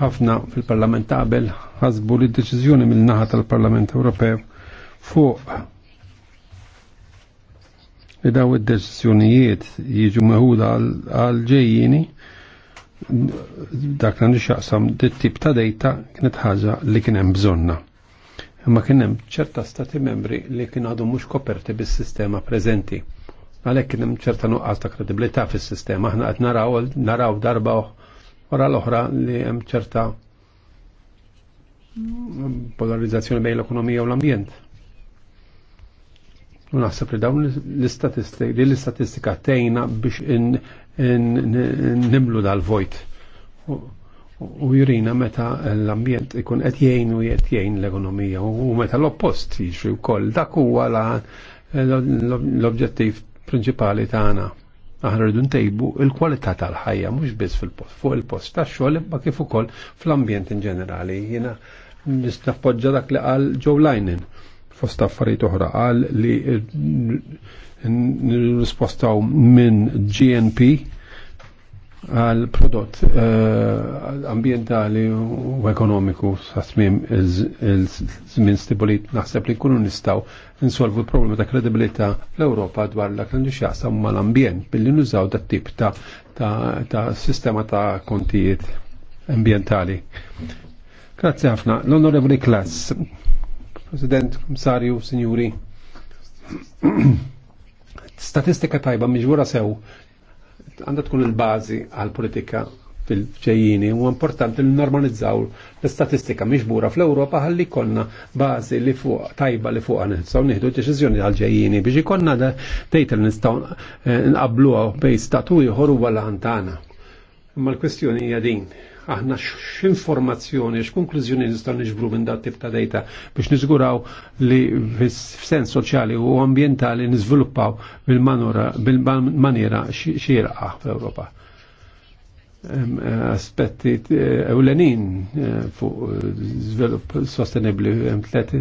Ħafna fil-Parlament qabel ħasbu li d-deċiżjoni mill-naħa tal-Parlament Ewropew fuq li daw id-deċizjonijiet jiġu meħuda għal-ġejjini dak li nixaqsam dit-tip ta' dejta kienet ħaġa li kien hemm bżonna. Imma kien hemm ċerta stati membri li kien għadu mhux koperti bis-sistema preżenti. Għalhekk kien hemm ċerta nuqqas ta' kredibilità fis-sistema. Aħna qed naraw naraw darba wara l-oħra li hemm ċerta polarizzazzjoni bejn l-ekonomija u l-ambjent. U naħseb li dawn l li l-istatistika tejna biex nimlu dal-vojt u jurina meta l-ambjent ikun qed jgħin u qed jgħin l-ekonomija u meta l-oppost jiġri wkoll dak huwa l-obġettiv prinċipali tagħna. Aħna rridu ntejbu l-kwalità tal-ħajja mhux biss fil-post fuq il-post tax-xogħol imma kif ukoll fl-ambjent in ġenerali. Jiena nappoġġa dak li qal Joe Linen fost affarijiet oħra qal li rispostaw minn GNP għal prodott eh, ambientali u ekonomiku sasmim il zmin stibulit naħseb li kunu nistaw insolvu problema ta' kredibilità l-Ewropa dwar l-ak l ma l-ambjent billi nużaw dat tip ta' sistema ta' kontijiet ambientali. Grazie ħafna. L-Onorevoli Klass, President, Komissarju, Signuri. Statistika tajba miġwura sew għandha tkun il-bażi għal politika fil-ġejjini u importanti li normalizzaw l-istatistika miġbura fl-Ewropa ħalli konna bażi li fuq tajba li fuq nistgħu nieħdu deċiżjoni għal ġejjini biex ikonna dejta li nistgħu eh, nqabbluha bej statu ieħor huwa l-ħantana. Imma l-kwestjoni hija din aħna x'informazzjoni, x'konklużjoni nistgħu niġbru minn dat tip ta' dejta biex niżguraw li f'sens soċjali u ambjentali niżviluppaw bil-maniera xierqa f'Ewropa. Eh, aspetti eh, ewlenin eh, fuq żvilupp sostenibbli hemm tliet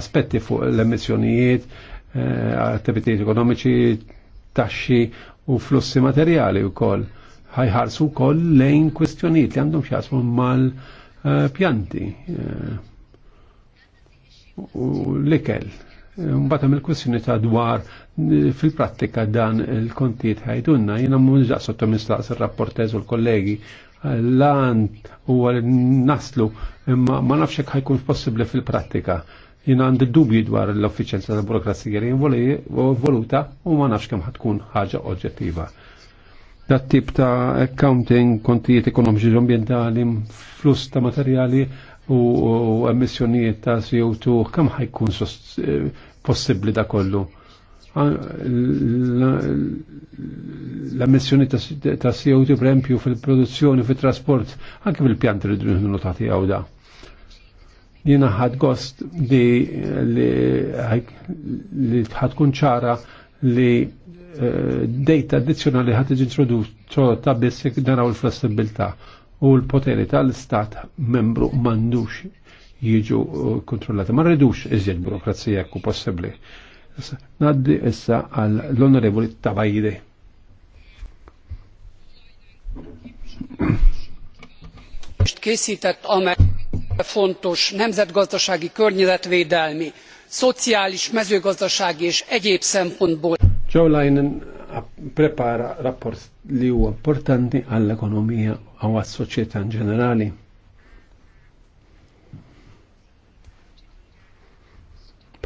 aspetti fuq l-emissjonijiet, attivitajiet ekonomiċi, taxxi u flussi materjali wkoll ħajħarsu wkoll lejn kwestjoniet li għandhom xjasmu mal-pjanti eh, u l-ikel. Mbatam il kwestjoni ta' dwar eh, fil-prattika dan il kontiet ħajdunna, jena mħunġa sotto mislaqs il-rapportez u l-kollegi l-għan u naslu imma ma nafxek ħajkun possibli fil-prattika. Jina għand dubju dwar l-offiċenza tal burokrazija li voluta u ma nafx kem ħatkun ħaġa oġġettiva dat tip ta' accounting, kontijiet ekonomiċi ambientali, flus ta' materjali u emissjonijiet ta' CO2, kam ħajkun possibli da' kollu? L-emissjoni ta' CO2 per esempio fil-produzzjoni, fil-trasport, anke fil-pjant rridu notati għaw da' jena ħad gost li ħad kun ċara li Eh, data addizzjonali ħad introdotta ta' jekk daraw l-flessibilta' u l-poteri tal-istat membru mandux jiġu eh, kontrollati. Ma rridux iżjed burokrazija ku possibli. Naddi issa għall onorevoli Tabajdi. készített, amely fontos nemzetgazdasági környezetvédelmi szociális mezőgazdasági és egyéb szempontból Joe Linen prepara rapport li huwa importanti għall-ekonomija għaw għas-soċjetà ġenerali.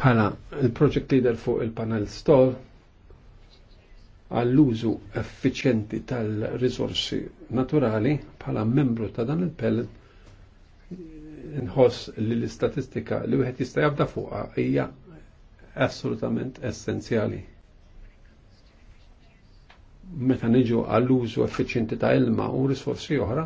Bħala il-project leader fuq il-panel stall għall-użu effiċjenti tal-risorsi naturali bħala membru ta' dan il-pell nħoss li l-istatistika li wieħed jista' jabda fuqha hija assolutament essenzjali meta niġu għall-użu effiċjenti ta' ilma u risorsi oħra,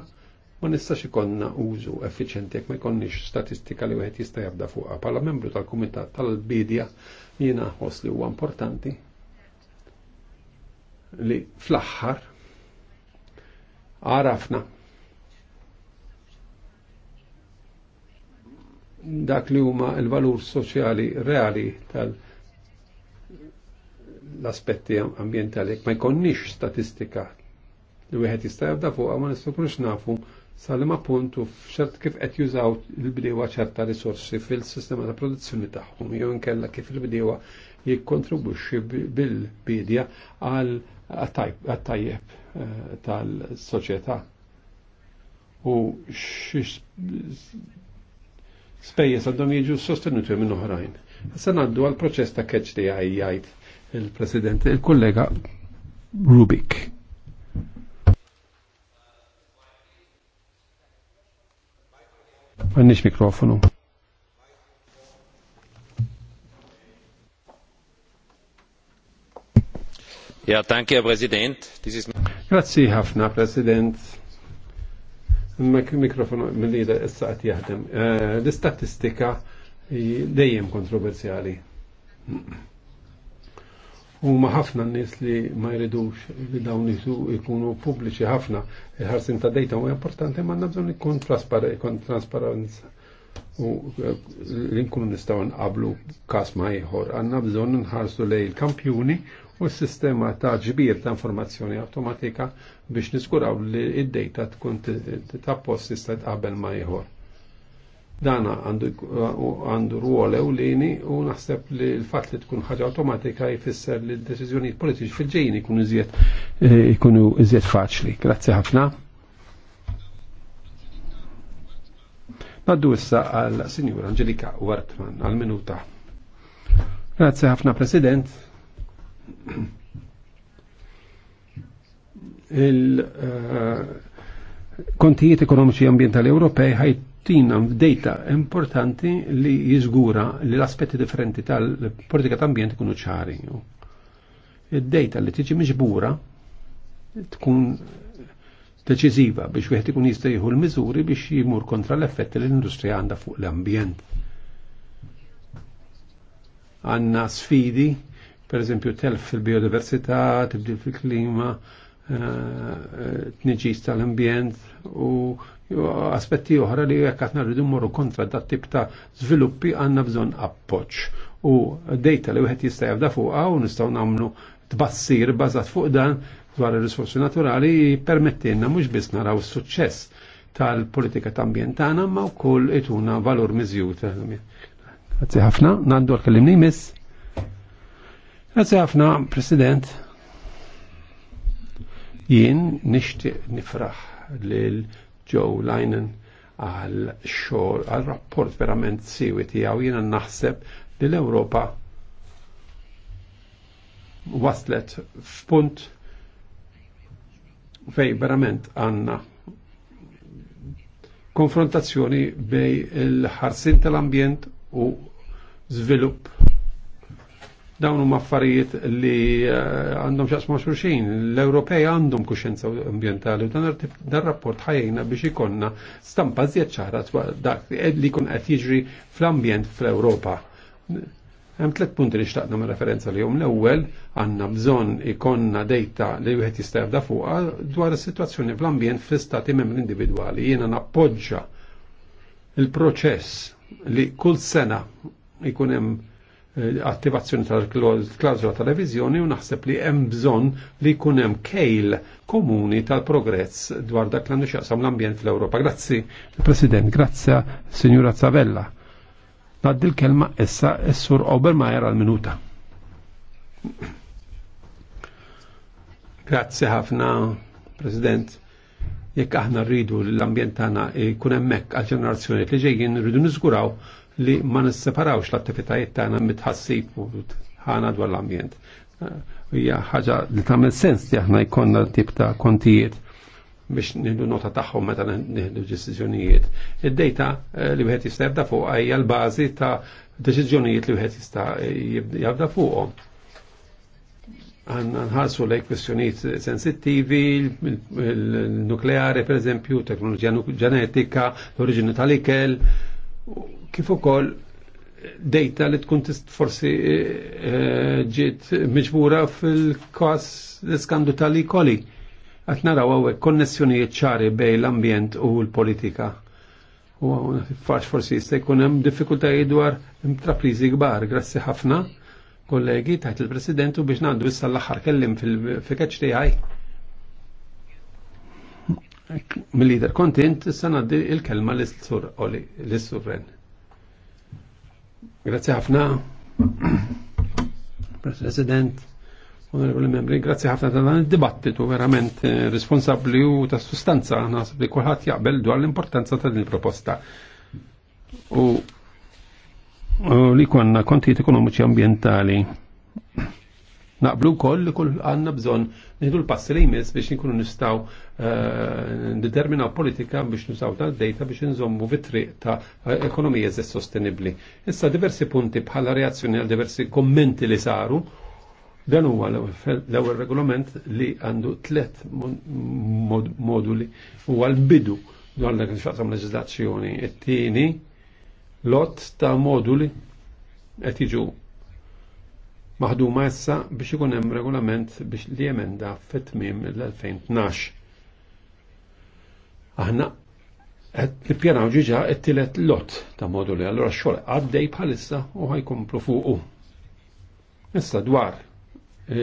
ma nistax ikonna użu effiċjenti jekk ma jkunniex statistika li wieħed jista' jabda fuqha. Bħala membru tal-Kumitat tal-Bidja jiena ħoss li huwa importanti li fl-aħħar għarafna dak li huma l-valur soċjali reali tal- l-aspetti ambientali, ma jkonnix statistika li wieħed jista' jabda fuq ma nistakunx nafu sal-ma puntu f'ċert kif qed jużaw il-bdiewa ċerta risorsi fil-sistema ta' produzzjoni tagħhom jew inkella kif il-bdiewa jikkontribwixxi bil-bidja għal tajjeb eh, tal-soċjetà. U spejjeż għandhom jiġu sostenuti minn oħrajn. Sa' ngħaddu għal proċess ta' catch li jgħid il-President, il-kollega Rubik. Mannix mikrofonu. Ja, tanki, Herr Präsident. Grazzi ħafna, President. Mikrofonu mill-lida s-saqt jahdem. Eh, l-istatistika dejjem kontroversjali. Huma ħafna n-nies li ma jridux li dawn ikunu pubbliċi ħafna. Il-ħarsin ta' dejta u importanti ma nabżon ikun trasparenza u eh, l-inkunu nistaw nqablu kas ma ieħor. Għandna bżonn nħarsu lej il-kampjuni u s-sistema ta' ġbir ta' informazzjoni automatika biex niskuraw li id-dejta tkun post jista' tqabel ma ieħor. Dana għandu ruol ewlieni u naħseb li l-fatt li tkun ħaġa automatika jfisser li d-deċiżjonijiet politiċi fil-ġejjin ikunu iżjed eh, ikunu iżjed faċli. Grazzi ħafna. Naddu issa għal Sinjur Angelika Wartman għal minuta. Grazie ħafna President. Il eh, kontijiet ekonomiċi e ambientali Ewropej ħajt tina data importanti li jiżgura li l-aspetti differenti tal-politika tal-ambjent ikunu ċari. Id-data li tiġi miġbura tkun deċiżiva biex wieħed ikun jista' jieħu l-miżuri biex jimur kontra l-effetti li l-industrija għandha fuq l-ambjent. Għandna sfidi, per eżempju telf fil-biodiversità, tibdil fil-klima, t-nġis tal-ambjent u aspetti oħra li jekk aħna rridu mmorru kontra dat tip ta' żviluppi għandna bżonn appoġġ. U dejta li wieħed jista' jafda fuqha u nistgħu nagħmlu tbassir bażat fuq dan dwar ir-risorsi naturali permettilna mhux biss naraw is-suċċess tal-politika ta' ambjentana ma wkoll ituna valur miżjud. Grazzi ħafna, nandu għal-kellimni miss. Grazzi ħafna, President. Jien nixtieq nifraħ lil Joe Linen għal xogħol għal rapport verament siwi tiegħu jiena naħseb li l-Ewropa waslet f'punt fej verament għanna konfrontazzjoni bej il-ħarsin tal-ambjent u zvilupp Dawn huma affarijiet li eh, għandhom ma' xurxin. L-Ewropej għandhom kuxenza ambientali u dan rapport ħajjina biex ikonna stampa żjed ċara dak li jkun qed jiġri fl-ambjent fl-Ewropa. Hemm tliet punti li xtaqna ma' referenza li jom l-ewwel għandna bżonn ikonna dejta li wieħed jista' jabda fuqha dwar is-sitwazzjoni fl-ambjent fl-istati membri individwali. Jiena nappoġġa il-proċess li kull sena jkun hemm Eh, attivazzjoni tal-klawżola tal-revizjoni u naħseb li hemm bżonn li jkun hemm kejl komuni tal-progress dwar dak l-għandu xaqsam l-ambjent fl-Ewropa. Grazzi, President, grazzi, Signora Zavella. Naddi l-kelma issa s-sur Obermajer għal-minuta. Grazzi ħafna, President jekk aħna rridu l-ambjent tagħna jkun hemmhekk għal ġenerazzjoni li ġejjin rridu niżguraw li ma nisseparawx l-attivitajiet tagħna mitħassib u ħana dwar l-ambjent. Hija ħaġa li tagħmel sens li aħna jkollna tip ta' kontijiet biex nieħdu nota tagħhom meta nieħdu deċiżjonijiet. Id-dejta eh, li wieħed jista' jabda fuq hija l-bażi ta' deċiżjonijiet li wieħed jista' jabda fuqhom. Għanna nħarsu lej kwestjonijiet sensittivi, il-nukleari per eżempju, teknoloġija ġenetika, l-oriġini tal-ikel, kif ukoll data li tkun tist forsi eh, eh, ġiet miġbura fil-kas l-skandu tal-ikoli. Għat naraw għawek konnessjonijiet ċari bej l-ambjent u l-politika. U faċ forsi jista' jkun hemm diffikultajiet dwar intraprizi kbar. Grazzi ħafna, kollegi, taħt il presidentu biex nandu issa l-aħħar kellim fil-fikaċ tiegħi. Mill-lider kontent, issa il-kelma l-sur Oli, l-surren. Grazie ħafna. President, onorevoli membri, grazie ħafna ta' dan il-dibattitu verament eh, responsabli u ta' sustanza nasib li kulħadd jaqbel dwar l-importanza ta' din il-proposta. U li konna konti ekonomiċi ambientali Naqblu koll li kull għanna bżon nħidu l-passi li jmiss biex nkunu nistaw eh, determinaw politika biex nistaw ta' dejta biex nżommu vitri ta' ekonomija eżess sostenibli. Issa diversi punti bħala reazzjoni għal diversi kommenti li saru Dan huwa l-ewwel regolament li għandu tliet moduli huwa l-bidu dwar dak nixaqsam leġislazzjoni. It-tieni lot ta' moduli qed jiġu maħduma issa biex ikun hemm regolament biex li emenda fit-tmiem l-2012. Aħna qed nippjanaw ġiġa t-tielet lot ta' moduli, allura x-xogħol għaddej bħalissa u ħajkomplu fuqu. Issa dwar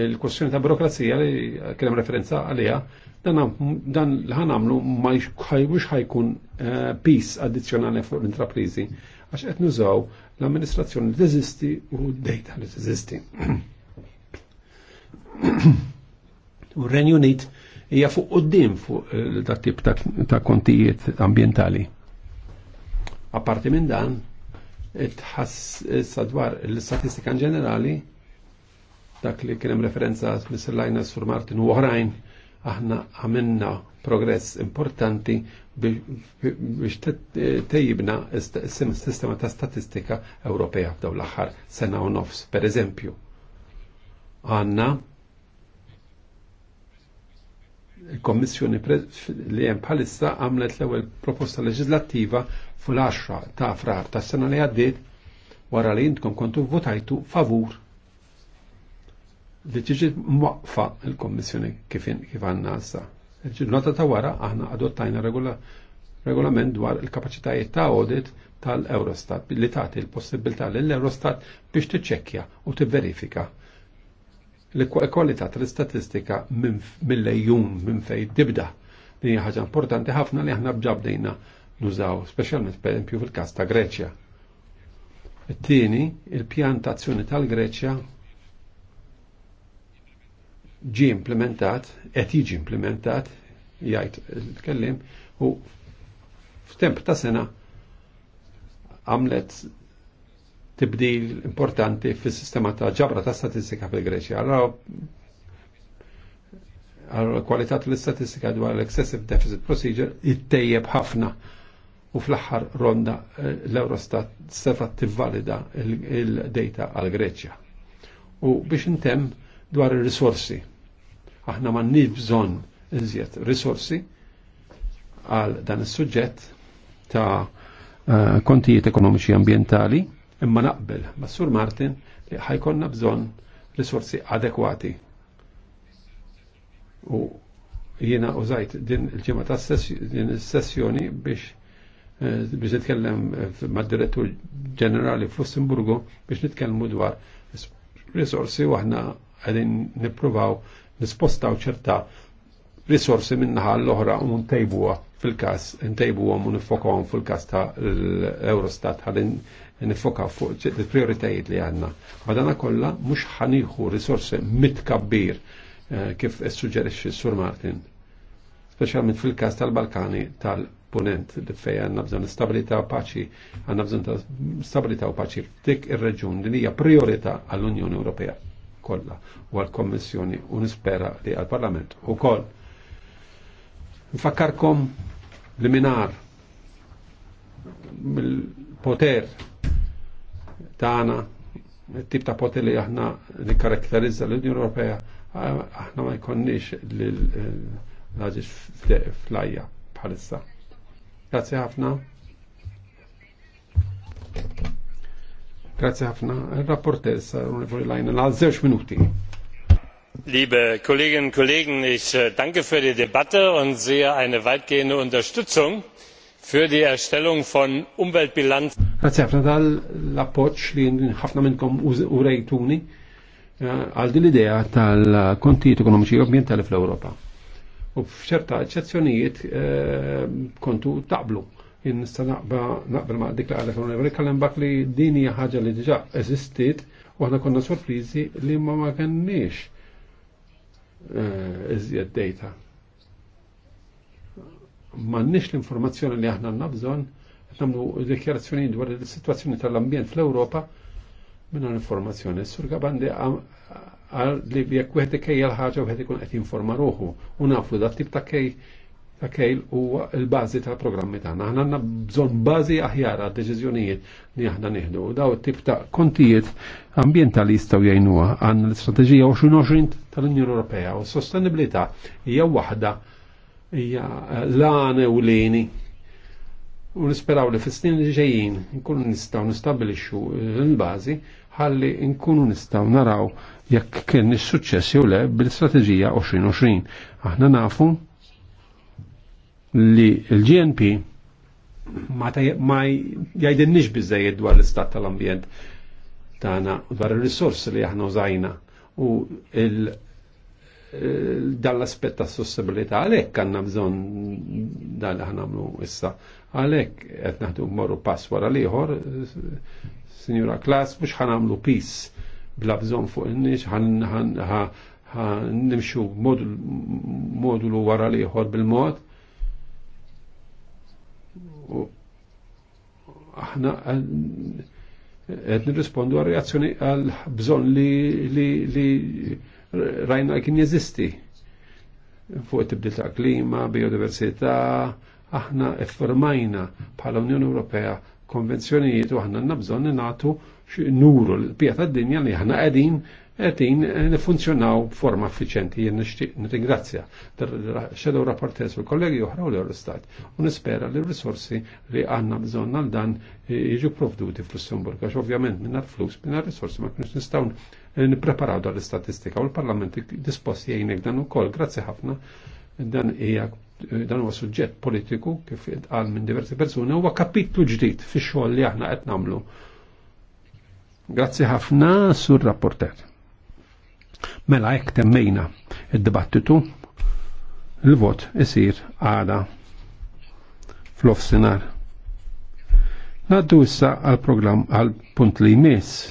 il-kwestjoni ta' burokrazija li kien hemm referenza għaliha Dan l-ħan għamlu ma jxħajmux ħajkun eh, pis addizjonali fuq l-intraprizi għax qed nużaw l-amministrazzjoni li teżisti u d-dejta li teżisti. U r-Renju Unit hija fuq dim fuq eh, tip ta' kontijiet ambientali. Apparti minn dan, tħass eh, sadwar l-istatistika ġenerali dak li kienem referenza mis-Lajnas sur Martin u oħrajn aħna għamilna progress importanti biex tejjibna s-sistema ta' statistika Ewropea f'daw l-aħħar sena u nofs, per eżempju. Għanna il-Kommissjoni li hemm bħalissa għamlet l-ewwel proposta leġislattiva fl-10 ta' frar ta' sena li għaddiet wara li jintkom kontu votajtu favur li tiġi mwaqfa il-Kommissjoni kif għanna għassa. Nota ta' wara aħna adottajna regolament dwar il-kapacitajiet ta' audit tal-Eurostat li tagħti l-possibilità l eurostat biex tiċċekkja u tivverifika l-kwalità tal-istatistika mill-lejjum minn fejn dibda Din hija ħaġa importanti ħafna li aħna bġabdejna nużaw, speċjalment pereżempju fil-każ ta' Greċja. It-tieni, il-pjan tal-Greċja ġi implementat, qed jiġi implementat, jgħid il-kellim, u f'temp ta' sena għamlet tibdil importanti fis-sistema ta' ġabra ta' statistika fil-Greċja. Allora kwalità tal-istatistika dwar l-excessive deficit procedure ittejjeb ħafna u fl-aħħar ronda eh, l-Eurostat t tivvalida il-data għal Greċja. U biex intemm dwar ir-risorsi Aħna ma nibżon nżiet risorsi għal dan is-suġġett ta' eh, kontijiet ekonomiċi ambientali, imma naqbel ma' Sur Martin li ħajkonna bżon risorsi adekwati. U jiena użajt din il-ġimgħa ta' din is-sessjoni biex eh, biex nitkellem eh, mad-direttur ġenerali f'Lussemburgu biex nitkellmu dwar risorsi u aħna għedin nipruvaw nispostaw ċerta risorsi minnaħa l-oħra u ntejbuha fil-kas, ntejbuhom u nifokhom fil-kas ta' l-Eurostat ħalin nifoka fuq il-prioritajiet li għanna. Għadana kolla mux ħaniħu risorsi mitkabbir eh, kif suġġerixxi Sur Martin. Speċjalment fil-kas tal-Balkani tal-Punent li fej għanna bżon stabilita u paċi, għanna bżon stabilita u paċi f'dik ir-reġun li hija priorità għall-Unjoni Ewropea kolla u għal kommissjoni u nispera li għal parlament u kol. Nfakkarkom li minar mill-poter tagħna tip ta' poter li aħna li karakterizza l-Unjoni Ewropea aħna ma jkonniex l-ħagġiġ flajja bħalissa. Grazie ħafna. Grazie ħafna. Il-rapportess, onorevoli Lajna, għal zewġ minuti. Liebe Kolleginnen und Kollegen, ich äh, danke für die Debatte und sehe eine weitgehende Unterstützung für die Erstellung von Umweltbilanz. Grazie ħafna dal l-appoċ li ħafna minnkom u rejtuni äh, għal din l-idea tal-kontijiet ekonomiċi u ambientali fl-Ewropa. U f'ċerta eccezzjonijiet äh, kontu taqblu jien nista' naqbel ma' dik li qalet l-Onorevoli Kallenbach li din hija ħaġa li diġa eżistit u aħna konna sorprizi li ma ma kenniex eh, iżjed data. Ma' nix l-informazzjoni li aħna nabżon, bżonn dikjarazzjoni dwar il-situazzjoni tal-ambjent fl europa minna l-informazzjoni. Sur għabandi għal li jekk u ikejja l-ħaġa u ikun qed jinforma ruħu u nafu dat tip ta' kej Akejl huwa l-bażi ta' programmi tagħna. Aħna għandna bżonn bażi aħjar għad deċiżjonijiet li aħna nieħdu. Daw it-tip ta' kontijiet ambjentali u jgħinuha għandna l-istrateġija 2020 tal-Unjoni Ewropea u s-sostenibilità hija waħda hija eh, l-għane u lini u nisperaw li fis-snin li ġejjin nkunu nistgħu nistabbilixxu l-bażi ħalli nkunu nistgħu naraw jekk kien is-suċċess jew le bil-istrateġija 2020. Aħna nafu li l-GNP ma nix bizzejed dwar l-istat tal-ambjent tagħna dwar ir-risorsi li aħna użajna u il dan l-aspett ta' sostenibilità għalhekk għandna bżonn dal li issa. Għalhekk qed naħdu mmorru pass wara liħor Signora Sinjura Klas, mhux ħanamlu pis bla bżonn fuq il nix nimxu modulu wara l bil-mod aħna qed nirrispondu għal reazzjoni għal bżonn li li rajna kien jeżisti fuq it-tibdil ta' klima, biodiversità, aħna effermajna bħala Unjoni Ewropea konvenzjonijiet u aħna nabżon bżonn nagħtu nuru l-pija d dinja li aħna qegħdin għetin eh, nifunzjonaw forma effiċenti jien nixtieq nirringrazzja xedew rapporters u kollegi oħra u l-Eurostat u nispera li r-risorsi li għandna bżonn għal dan eh, jiġu provduti fl-Lussemburg għax ovvjament minn flus minn risorsi ma kienx nistgħu eh, nippreparaw dan l-istatistika u l-Parlament disposti jgħinek dan ukoll. Grazzi ħafna dan hija dan huwa suġġett politiku kif qal minn diversi persuni huwa kapitlu ġdid fix-xogħol li aħna qed nagħmlu. Grazzi ħafna sur rapporter. Mela jekk temmejna id-dibattitu, il-vot isir għada fl offsinar Naddu issa għal-program għal-punt li jmiss